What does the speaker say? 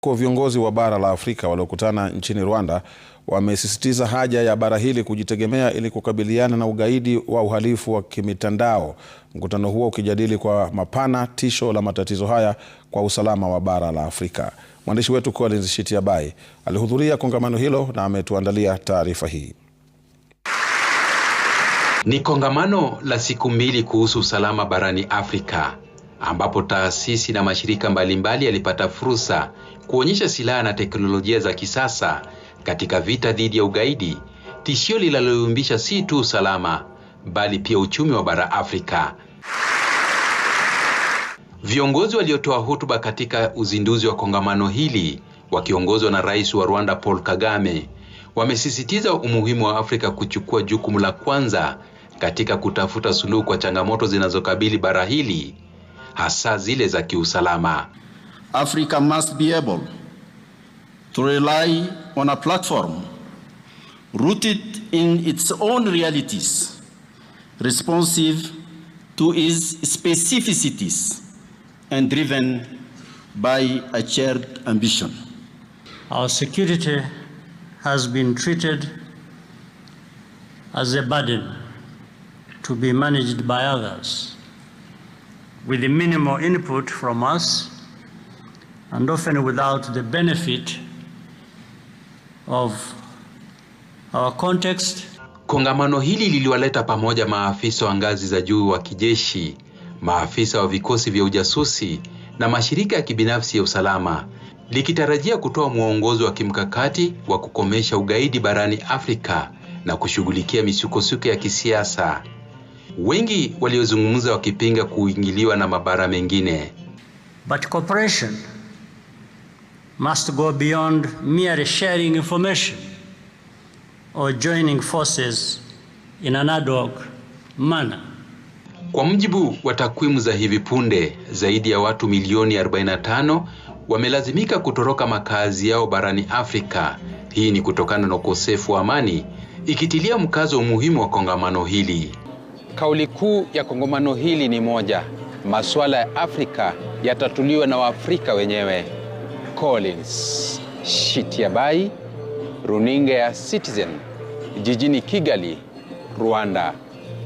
Kwa viongozi wa bara la Afrika waliokutana nchini Rwanda wamesisitiza haja ya bara hili kujitegemea ili kukabiliana na ugaidi wa uhalifu wa kimitandao. Mkutano huo ukijadili kwa mapana tisho la matatizo haya kwa usalama wa bara la Afrika. Mwandishi wetu Collins Shitiabai alihudhuria kongamano hilo na ametuandalia taarifa hii. Ni kongamano la siku mbili kuhusu usalama barani Afrika ambapo taasisi na mashirika mbalimbali yalipata fursa kuonyesha silaha na teknolojia za kisasa katika vita dhidi ya ugaidi, tishio linaloyumbisha si tu usalama bali pia uchumi wa bara Afrika. Viongozi waliotoa hotuba katika uzinduzi wa kongamano hili wakiongozwa na Rais wa Rwanda Paul Kagame wamesisitiza umuhimu wa Afrika kuchukua jukumu la kwanza katika kutafuta suluhu kwa changamoto zinazokabili bara hili hasa zile za kiusalama. Africa must be able to rely on a platform rooted in its own realities responsive to its specificities and driven by a shared ambition. Our security has been treated as a burden to be managed by others with minimal input from us and often without the benefit of our context. Kongamano hili liliwaleta pamoja maafisa wa ngazi za juu wa kijeshi, maafisa wa vikosi vya ujasusi na mashirika ya kibinafsi ya usalama likitarajia kutoa mwongozo wa kimkakati wa kukomesha ugaidi barani Afrika na kushughulikia misukosuko ya kisiasa wengi waliozungumza wakipinga kuingiliwa na mabara mengine. But cooperation must go beyond mere sharing information or joining forces in an ad hoc manner. Kwa mujibu wa takwimu za hivi punde, zaidi ya watu milioni 45 wamelazimika kutoroka makazi yao barani Afrika. Hii ni kutokana na ukosefu wa amani, ikitilia mkazo umuhimu wa kongamano hili. Kauli kuu ya kongamano hili ni moja: masuala ya Afrika yatatuliwa na Waafrika wenyewe. Collins Shitiabai, runinga ya Citizen, jijini Kigali, Rwanda.